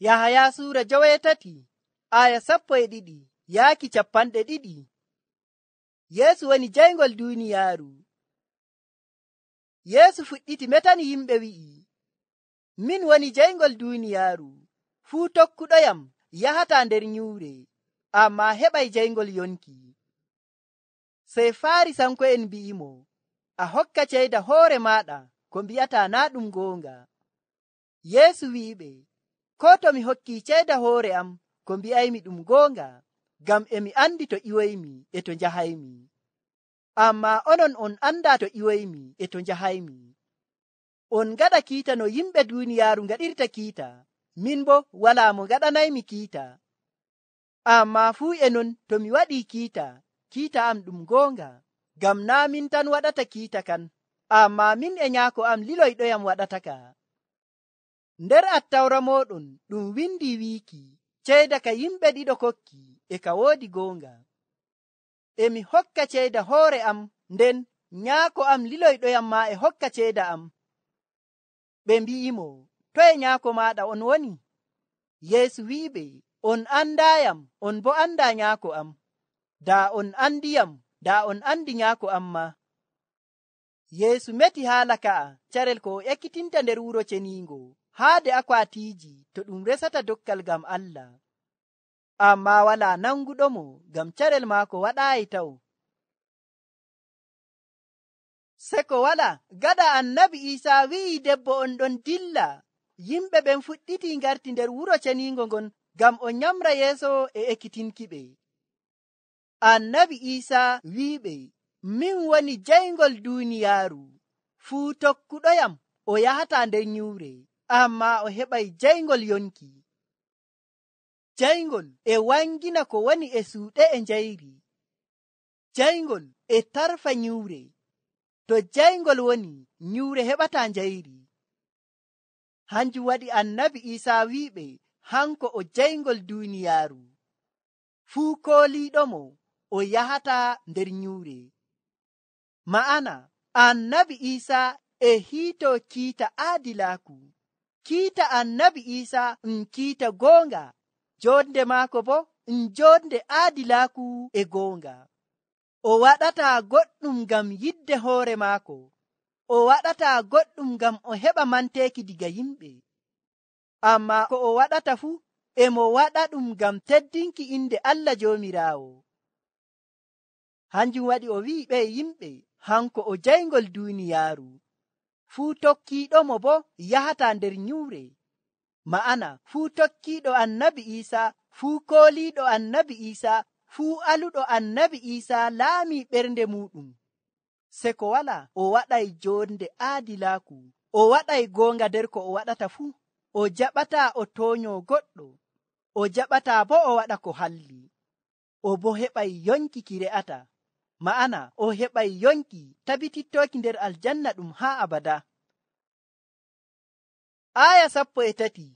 yahaya suura jawetati aya sappo e ɗiɗi yaaki capanɗe ɗiɗi yeesu woni jaygol duuniyaaru yeesu fuɗɗiti metani yimɓe wi'i min woni jaygol duuniyaaru fuu tokkuɗoyam yahata nder nyuure amma heɓay jaygol yonki sey faarisanko en mbi'imo a hokka ceyda hoore maaɗa ko mbi'ata naa ɗum goonga yeesu wi'iɓe ko to mi hokki ceda hoore am ko mbi'aymi ɗum goonga ngam emi andi to iwoymi e to njahaymi amma onon on anda to iwoymi e to njahaymi on ngaɗa kiita no yimɓe duuniyaaru ngaɗirta kiita min bo wala mo ngaɗanaymi kiita amma fuu enon to mi waɗi kiita kiita am ɗum goonga ngam naa min tan waɗata kiita kan amma min e nyaako am liloyɗoyam waɗata ka nder attawra moɗon ɗum windi wiiki ceyda ka yimɓe ɗiɗo kokki e ka woodi goonga emi hokka ceyda hoore am nden nyaako am liloyɗoyam ma e hokka ceyda am ɓe mbi'imo toye nyaako maɗa on woni yeesu wiɓe on andayam on bo anda nyaako am da on andiyam da on andi nyaako am ma yeesu meti haala ka'a carel ko ekkitinta nder wuro ceningo haa de akwatiiji to ɗum resata dokkal ngam allah amma wala nanguɗo mo ngam carel maako waɗaayi taw sey ko wala gada annabi iisaa wi'i debbo on ɗon dilla yimɓe ɓen fuɗɗiti ngarti nder wuro ceniingo ngon ngam o nyamra yeeso e ekkitinki ɓe annabi iisaa wi'iɓe min woni jeyngol duuniyaaru fuu tokkuɗoyam o yahata nder nyuure amma o heɓai jaingol yonki jaingol e wangina ko woni e suuɗe e njairi jaingol e tarfa nyuure to jaingol woni nyuure heɓata njairi hanjum waɗi annabi isaa wiɓe hanko o jaingol duniyaaru fuu kooliɗomo o yahata nder nyuure ma'ana annabi isaa e hiito kiita aadilaaku kiita annabi isa n kiita goonga jonde maako bo n jonde aadilaaku e goonga o waɗata goɗɗum ngam yidde hoore maako o waɗata goɗɗum ngam o heɓa manteeki diga yimɓe amma ko o waɗata fuu emo waɗa ɗum ngam teddinki innde allah joomiraawo hanjum waɗi o wi'i ɓe yimɓe hanko o jaygol duuniyaaru fuu tokkiiɗo mo bo yahata nder nyuure ma'ana fuu tokkiiɗo annabi iisa fuu kooliiɗo annabi iisa fuu aluɗo annabi iisa laami ɓernde muɗum se ko wala o waɗay joonde aadilaaku o waɗay goonga nder ko o waɗata fuu o jaɓataa o tooño goɗɗo o jaɓataa bo o waɗa ko halli o bo heɓay yonki ki re'ata ma'ana o heɓai yonki tabitittoki nder aljanna ɗum haa abada aya sappo e tati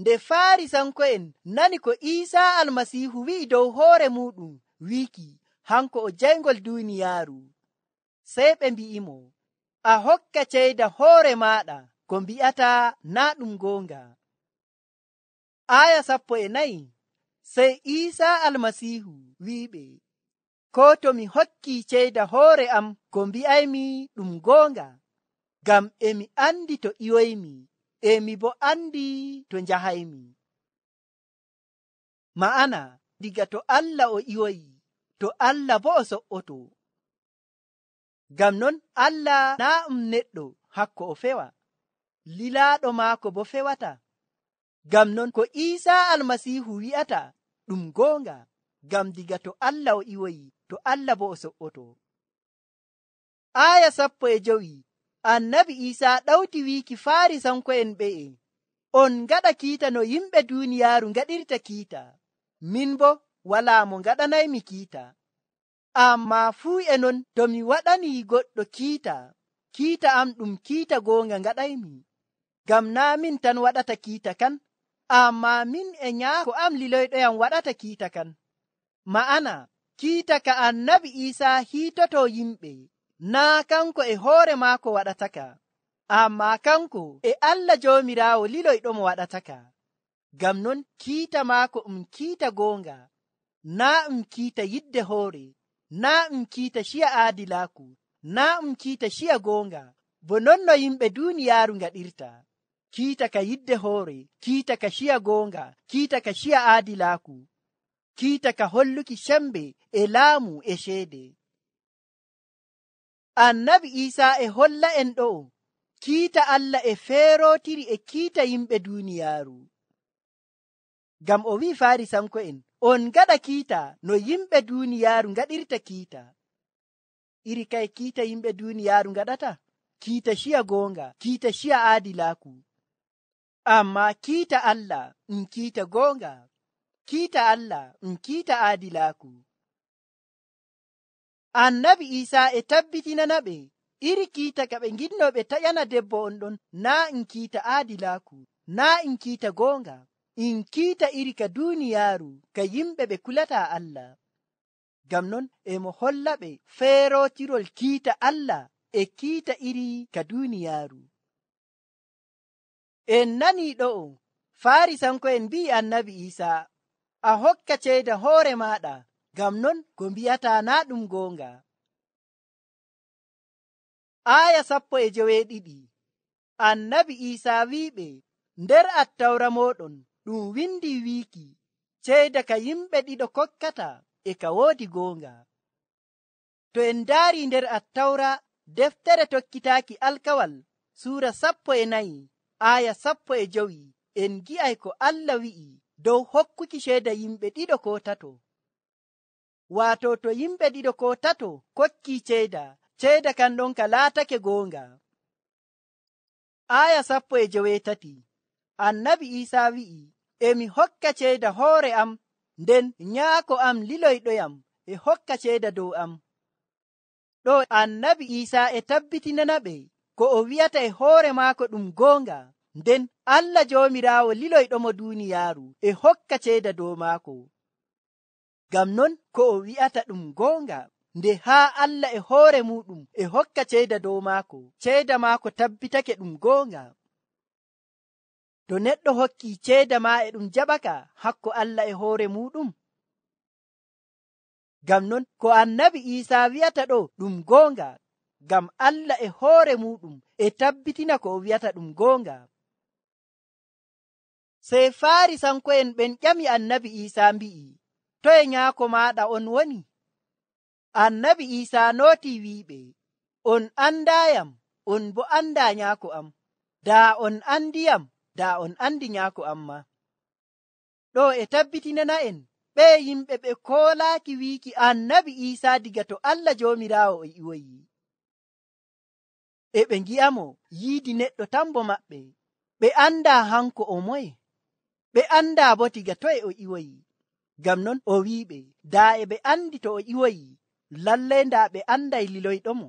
nde farisanko'en nani ko isa almasihu wi'i dow hoore muɗum wiki hanko o jaygol duniyaaru sey ɓe mbi'imo a hokka ceyda hoore maɗa ko mbi'ata na ɗum gonga aya sappo e nayi sey isa almasihu wi'iɓe ko to mi hokki ceyda hoore am ko mbi'aymi ɗum goonga ngam emi anndi to iwoymi emi bo anndi to njahaymi ma'ana diga to allah o iwoyi to allah bo o so'oto ngam non allah naa um neɗɗo hakko o fewa lilaaɗo maako bo fewata ngam non ko iisaa almasiihu wi'ata ɗum goonga ngam diga to allah o iwoyi to allah bo o so'oto aya sappo e jowi annabi isa ɗawti wiiki farisanko'en ɓe'e on ngaɗa kiita no yimɓe duuniyaaru ngaɗirta kiita min bo wala mo ngaɗanaymi kiita amma fuu e non to mi waɗani goɗɗo kiita kiita am ɗum kiita goonga ngaɗaymi ngam naa min tan waɗata kiita kan amma min e nyaako am liloyɗoyam waɗata kiita kan ma'ana kiita ka annabi isa hiitoto yimɓe naa kanko e hoore maako waɗataka amma kanko e allah joomiraawo liloyɗomo waɗataka ngam non kiita maako um kiita goonga naa um kiita yidde hoore naa um kiita shiya aadilaaku naa um kiita shiya goonga bo non no yimɓe duuniyaaru ngaɗirta kiita ka yidde hoore kiita ka shiya goonga kiita ka shiya aadilaaku kiita ka holluki sembe e laamu e ceede annabi isa e holla en ɗo kiita allah e feerotiri e kiita yimɓe duuniyaaru ngam o wi'i farisanko en on gaɗa kiita no yimɓe duuniyaaru ngaɗirta kiita iri kay kiita yimɓe duuniyaaru ngaɗata kiita shiya goonga kiita shiya aadilaaku amma kiita allah n kiita goonga kiita allah um kiita aadilaaku annabi iisaa e tabbitinana ɓe iri kiita ka ɓe ginnooɓe taƴana debbo on ɗon naa in kiita aadilaaku naa in kiita goonga in kiita iri ka duuniyaaru ka yimɓe ɓe kulata allah ngam non emo holla ɓe feerootirol kiita allah e kiita iri ka duuniyaaru en nanii ɗo'o faarisanko'en mbi'i annabi iisaa a hokka ceyda hoore maɗa gam non ko mbiyata na ɗum gonga aya sappo e joweeɗiɗi annabi isa wiɓe nder attawra moɗon ɗum windi wiiki ceyda ka yimɓe ɗiɗo kokkata e ka woodi gonga to en ndaari nder attawra deftere tokkitaaki alkawal suura sappo e nayi aya sappo e jowi en gi'ay ko allah wi'i dow hokkuki ceeda yimɓe ɗiɗo ko tato waato to yimɓe ɗiɗo ko tato kokki ceeda ceeda kan ɗon ka laatake goonga aya sappo e jeweetati annabi iisaa wi'i emi hokka ceeda hoore am nden nyaako am liloyɗoyam e hokka ceeda dow am ɗo annabi iisaa e tabbitinana ɓe ko o wi'ata e hoore maako ɗum goonga nden allah jomirawo liloyɗo mo duniyaaru e hokka ceeda dow maako ngam non ko o wi'ata ɗum goonga nde haa allah e hoore muɗum e hokka ceeda dow maako ceeda maako tabbitake ɗum goonga to neɗɗo hokki ceeda ma e ɗum jaɓaka hakko allah e hoore muɗum ngam non ko annabi isaa wi'ata ɗo ɗum goonga ngam allah e hoore muɗum e tabbitina ko o wi'ata ɗum goonga sey farisanko'en ɓen ƴami annabi isa mbi'i toye nyaako maaɗa on woni annabi isa noti wiiɓe on andayam on bo anda nyaako am daa on andiyam daa on andi nyaako am ma ɗo e tabbitinana en ɓe yimɓe ɓe koolaaki wiiki annabi isa diga to allah joomiraawo e iwoyi e ɓe ngi'amo yiidi neɗɗo tambo maɓɓe ɓe annda hanko o moye ɓe anda bo tiga toye o iwoyi gam non o wiɓe da e ɓe andi to o iwoyi lallai nda ɓe andai liloyɗomo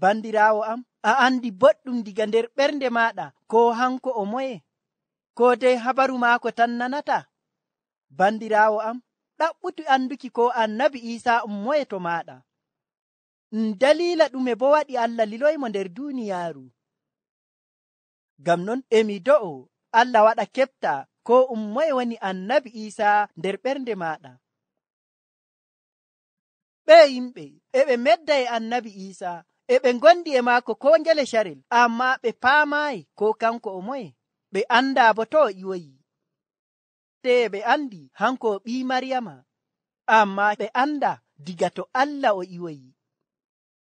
bandirawo am a andi boɗɗum diga nder ɓernde maɗa ko hanko o moye ko dei habaru maako tan nanata bandirawo am ɗaɓɓuti anduki ko annabi isa um moye to maɗa n dalila ɗume bo waɗi allah liloymo nder duniyaru gam non emi do'o allah waɗa keɓta ko ummoye wani annabi isa nder ɓernde maɗa ɓe yimɓe eɓe medda e annabi isa eɓe gondi e maako ko gele sharel amma ɓe paamayi ko kanko o moye ɓe anda bo to o iwoyi te ɓe andi hanko o ɓi mariyama amma ɓe anda diga to allah o iwoyi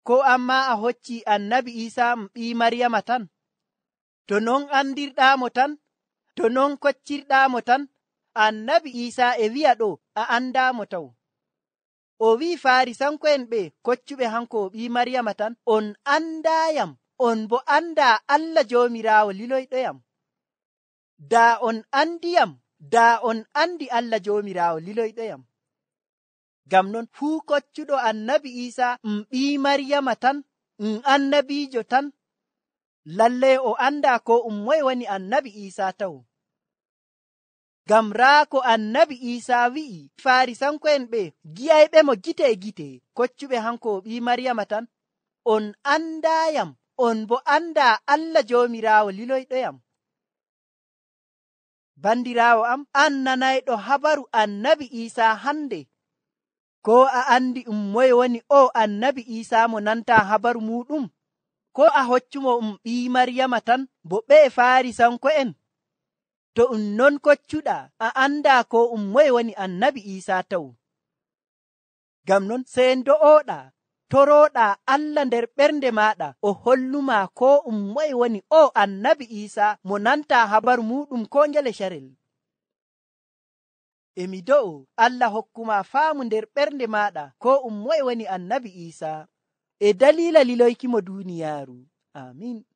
ko amma a hocci annabi isa m ɓi mariyama tan to non andirɗamo tan to non koccirɗamo tan annabi isa e wi'a ɗo a andamo taw o wi'i farisanko'en ɓe koccuɓe hanko o ɓi mariyama tan on andayam on bo anda allah jomirawo liloyɗoyam da on andiyam da on andi allah jomirawo liloyɗoyam gam non fuu koccuɗo annabi isa m ɓi mariyama tan m annabijo tan lallay o annda ko ummoy wani annabi isa taw gam raa ko annabi isa wi'i farisanko'en ɓe gi'ayɓe mo gite gite koccuɓe hanko o ɓi mariyama tan on andayam on bo anda allah jomirawo liloyɗoyam bandirawo am an nanayɗo habaru annabi isa hande ko a andi ummoy woni o annabi isa mo nanta habaru muɗum ko a hoccumo um ɓii mariyama tan bo ɓe e farisanko'en to um non koccuɗa a anda ko um moye woni annabi isa taw gam non seen do'oɗa toroɗa allah nder ɓernde maɗa o holluma ko um moye woni o annabi isa mo nanta habaru muɗum ko jele sharel emi do'o allah hokkuma faamu nder ɓernde maɗa ko um moye woni annabi isa e dalila liloyki mo duniyaaru amin